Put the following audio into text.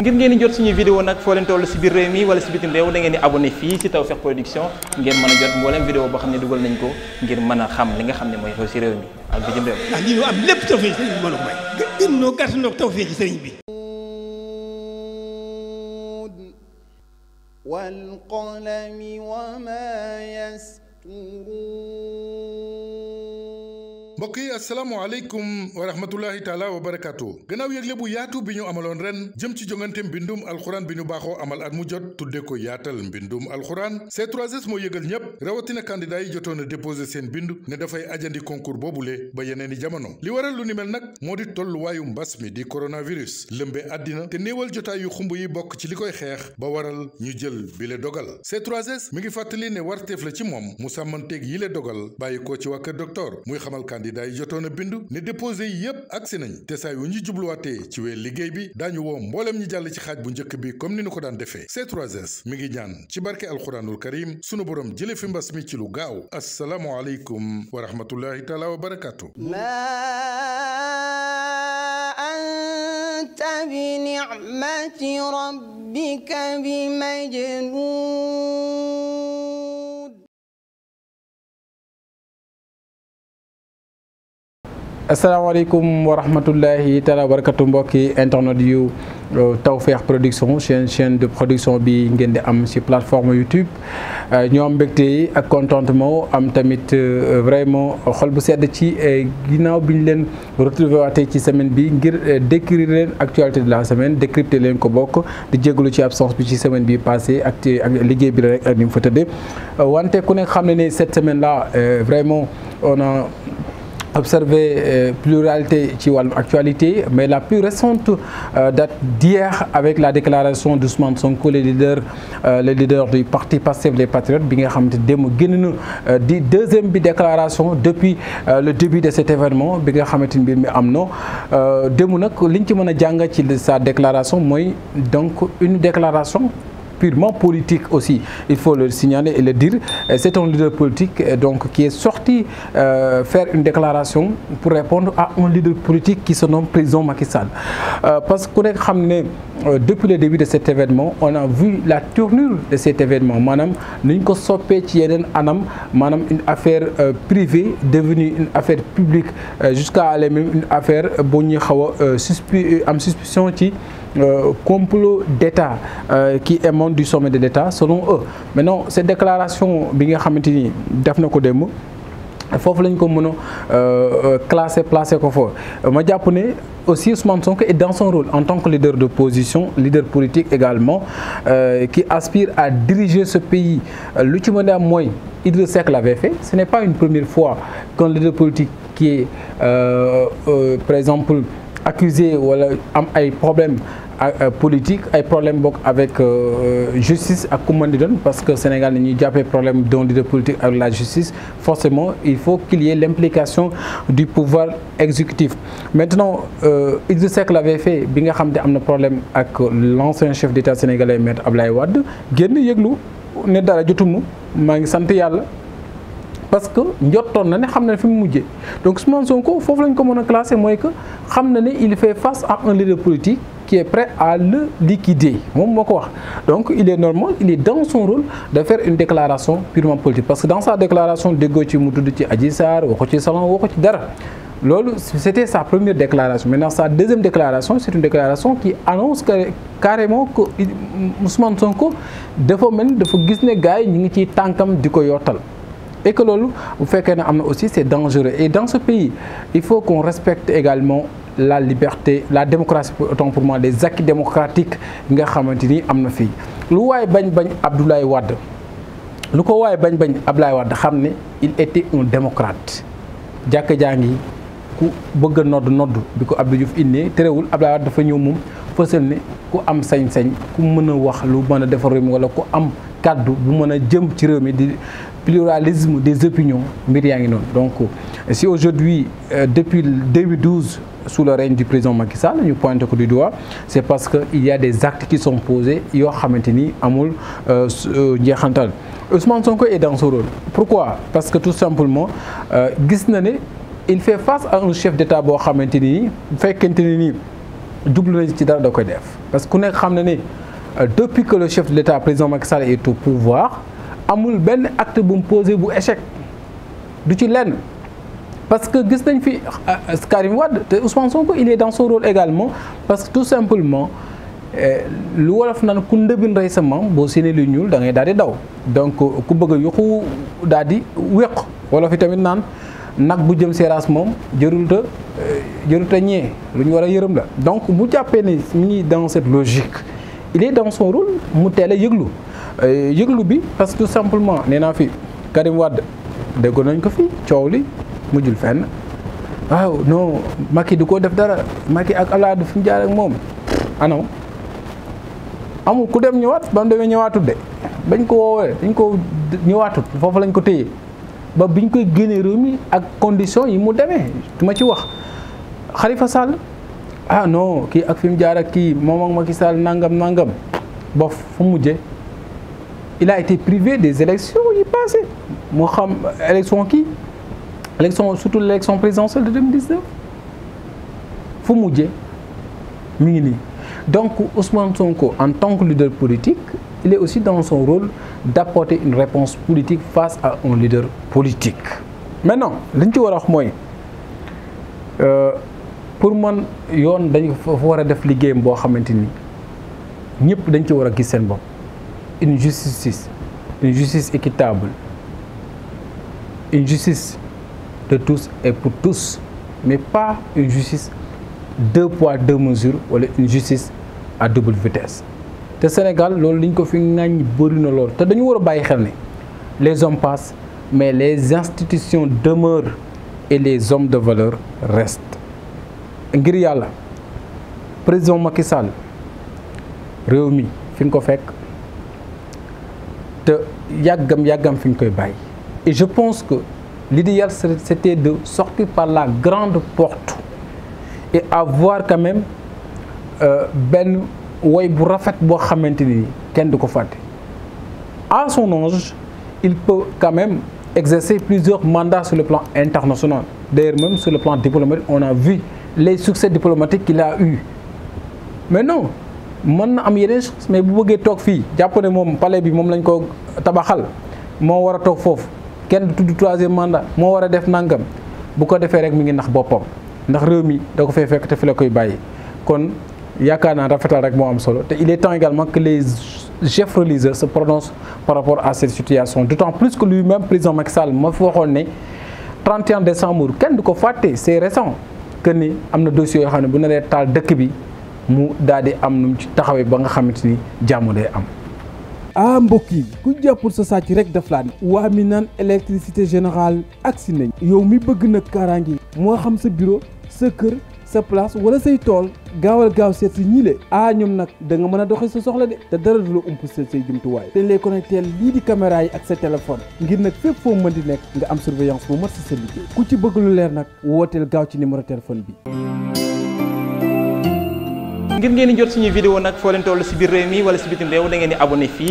ngir ngeen di jot suñu vidéo nag foo leen toll si biir réew mi wala si bitim réew da ngeen di abonné fii si Tawfekh Production ngeen mën a jot mboolem vidéo boo xam ne dugal nañ ko ngir mën a xam li nga xam ne mooy xew si réew mi ak bitim réew. ndax ah, lii ñu a may. gën noo gàtt noo tawfeex sëriñ bi. wa ma mbokk yi asalaamaaleykum wa rahmatullahi taala wa barakaatu gannaaw yëgle bu yaatu bi ñu amaloon ren jëm ci jongante mbindum alxuraan bi ñu baaxoo amal at mu jot tudde ko yaatal mbindum alxuraan C3S moo yëgal ñépp rawatina candidat yi jotoon a déposé seen bind ne dafay ajandi boobu boobule ba yeneen i jamono li waral lu ni mel nag moo di tolluwaayu mbas mi di coronavirus lëmbe àddina te néewal jotaay yu xumb yi bokk ci li koy xeex ba waral ñu jël bile dogal C3S ngi fàttali ne warteef la ci moom mu sàmmanteeg yile dogal bàyyi ko ci waa kër muy xamal candidat candidat yi jotoon a bindu ne déposé yi yépp agsi nañ te saa yu ñu jubluwaatee ci wàllu liggéey bi daañu woo mbooleem ñi jàll ci xaaj bu njëkk bi comme ni ñu ko daan defee c ngi ñaan ci barke alxuraanul karim sunu borom jële fi mbas mi ci lu gaaw assalaamu aleykum wa rahmatullahi wa barakaatu anta bi ni'mati rabbika bi majnun asalaamaaleykum wa rahmatullahi taala wa barakatu mbokki internet yu euh, Tawfekh production chaîne chaîne de production bi ngeen di am ci plateforme YouTube euh, ñoo am mbégte yi ak contentement am tamit euh, vraiment xol bu sedd ci ginnaaw bi ñu leen retrouvé waatee ci semaine bi ngir décrire leen actualité de la semaine décrypter leen ko bokk di jégalu ci absence bi ci semaine bi passé ak ak liggéey bi la rek ak ni mu wante ku nekk xam ne ne cette semaine là vraiment observé euh, pluralité ci wàllu actualité mais la plus récente euh, date d'hier avec la déclaration d'Ousmane Sonko le leader euh, le leader du parti Pastef les Patriotes bi nga xamante démb génn na di deuxième bi déclaration depuis le début de cet événement bi nga xamante ni mbir mi am na démb nag liñ ci mën a jàng ci sa déclaration mooy donc une déclaration purement politique aussi. Il faut le signaler et le dire. C'est un leader politique donc, qui est sorti euh, faire une déclaration pour répondre à un leader politique qui se nomme président Macky Sall. Euh, parce que euh, depuis le début de cet événement on a vu la tournure de cet événement maanaam ni ñu ko soppee ci yeneen anam maanaam une affaire euh, privée devenue une affaire publique euh, jusqu'à aller même une affaire boo ñuy xaw a suspi am suspicion ci Euh, complot d'État euh, qui émane du sommet de l'État selon eux maintenant cette déclaration bi nga xamante ni def na ko démb foofu lañu ko mën a euh, classer placer ko foo ma jàpp ne aussi Ousmane Sonko et dans son rôle en tant que leader de position leader politique également euh, qui aspire à diriger ce pays lu ci mën a am mooy Idriss Seck l'avait fait ce n'est pas une première fois qu'un leader politique qui est par exemple accusé wala am ay problème euh, politique ay problème bokk avec euh, justice ak ku mën di doon parce que Sénégal ni ñuy jàppee problème d'un leader politique avec la justice forcément il faut qu'il y ait l'implication du pouvoir exécutif maintenant euh, Idrissa Seck l'avait fait bi nga xam ne am na problème ak l'ancien chef d'état sénégalais maître Abdoulaye Wade génn yëglu ne dara jotuma maa ngi sant yàlla parce que njotoon na ne xam na ne fi mu mujjee donc Ousmane Sonko foofu lañ ko mën a classé mooy que xam na ne il fait face à un leader politique qui est prêt à le liquider moom moo ko wax donc il est normal il est dans son rôle de faire une déclaration purement politique parce que dans sa déclaration déggoo ci mu tudd ci aji Sarr waxu ci salon waxu ci dara loolu c'était sa première déclaration maintenant sa deuxième déclaration c'est une déclaration qui annonce que carrément que Ousmane Sonko dafa mel dafa gis ne gars yi ñu ngi ciy tànkam di ko yottal et loolu bu fekkee ne am na aussi c'est dangereux et dans ce pays il faut qu'on respecte également la liberté la démocratie autant pour moi les acquis démocratiques nga xamante ni am na fii lu waaye bañ-bañ Abdoulaye Wade lu ko waaye bañ-bañ Abdoulaye Wade xam ne il était un démocrate jàkk jaa ngi ku bëgg a nodd nodd bi ko Abdou Diouf indee terewul Abdoulaye Wade dafa ñëw moom fësal ne ku am sañ-sañ ku mën a wax lu mën a defar réew mi wala ku am kàddu bu mën a jëm ci réew mi di pluralisme des opinions mbir yaa ngi noonu donc euh, si aujourd'hui euh, depuis 2012 sous le règne du président Macky Sall ñu pointé ko du doigt c'est parce que il y a des actes qui sont posés yoo xamante ni amul euh, euh, njeexantal Ousmane Sonko est dans ce rôle pourquoi parce que tout simplement gis na ne il fait face à un chef d'État boo xamante ni bu fekkente ni nii jublu na ci dara da koy def parce que ku nekk xam na ne depuis que le chef de l'État président Macky Sall est au pouvoir amul benn acte bu mu posé bu échec du ci lenn parce que gis nañ fi euh, euh, Karim Wade te Ousmane Sonko il est dans son également parce que tout simplement euh, lu wolof naan ku ndëbin rey sa maam boo séenee lu ñuul dangay daal di daw donc ku bëgg a yuxu daal di wéq wolof yi tamit naan nag bu jëm seeraas moom jërul te ñee lu ñu war a yërëm la donc bu jàppee ne mi ngi dans cette logique il est dans son mu teel a yëglu yëglu bi parce que simplement nee naa fi Karim Wade déggoon nañ ko fi coow li mujjul fenn waaw non Macky du ko def dara makki ak Alade fi mu jaar ak moom anaw amul ku dem ñëwaat ba mu demee ñëwaatut de bañ ko woowee dañ ko ñëwaatut foofu lañ ko téye ba biñ koy génnee réew mi ak condition yi mu demee du ma ci wax Khalifa sàll ah non kii ak fi mu jaar ak kii moom ak Macky Sall nangam nangam bof fu mu mujjee il a été privé des élections yi passées moo xam élection kii élection surtout l'élection présidentielle de 2019 fu mujjee mu ngi nii donc Ousmane Sonko en tant que leader politique il est aussi dans son rôle d'apporter une réponse politique face à un leader politique maintenant li ñu ci war a wax mooy euh, pour man yoon dañu fa war a def liggéeyam boo xamante ni ñëpp dañ ci war a gis seen bopp une justice une justice équitable une de tous et pour tous mais pas une deux poids deux mesures wala une à double vitesse te Sénégal loolu li ñu ko fi ŋàññ bëri na lool te dañu war a bàyyi xel ne les hommes passent mais les institutions demeurent et les hommes de valeur restent ngir yàlla président Macky Sall réew mi fi ñu ko fekk te yàggam yàggam fi ñu koy bàyyi je pense que l'idéal c'était de sortir par la grande porte et avoir quand même euh, benn woy bu rafet boo xamante ni kenn du ko fàtte à son âge il peut quand même exercer plusieurs mandats sur le plan international d'ailleurs même sur le plan diplomatique on a vu les succès diplomatiques qu'il a eu mais non mën na am yeneen mais bu bëggee toog fii jàpp ne moom palais bi moom lañ ko tabaxal moo war a toog foofu kenn du tudd troisième mandat moo war a def nangam bu ko defee rek mi ngi nax boppam ndax réew mi da ko fee fekk te fi la koy bàyyi kon yaakaar naa rafetal rek moo am solo te il est temps également que les chefs religieux se prononcent par à cette situation d'autant plus que lui-même président Macky Sall ma fi waxoon ne 31 décembre kenn du ko fàtte c'est récent que ni am na dossiers yoo xam ne bu na lee taal dëkk bi mu daal di am nu mu ci taxawee ba nga xamante ni jàmm day am. ah mbokk yi ku jàppul sa sàcc rek daf laa ne waa mi naan électricité générale agsi nañ yow mi bëgg nag kaaraange moo xam sa bureau sa kër sa place wala say tool gaawal gaaw seet si ñi le ah ñoom nag da nga mën a doxee sa soxla de te dara du la ump seet say jumtuwaay dañ lay connecté lii di caméra yi ak sa téléphone ngir nag fépp foo mën di nekk nga am surveillance bu mat si sa liggéey ku ci bëgg leer nag wooteel gaaw ci numéro téléphone bi ngir ngeen di jot suñuy vidéo nag foo leen toll si biir réew mi wala si bitim réew da ngeen di abonné fii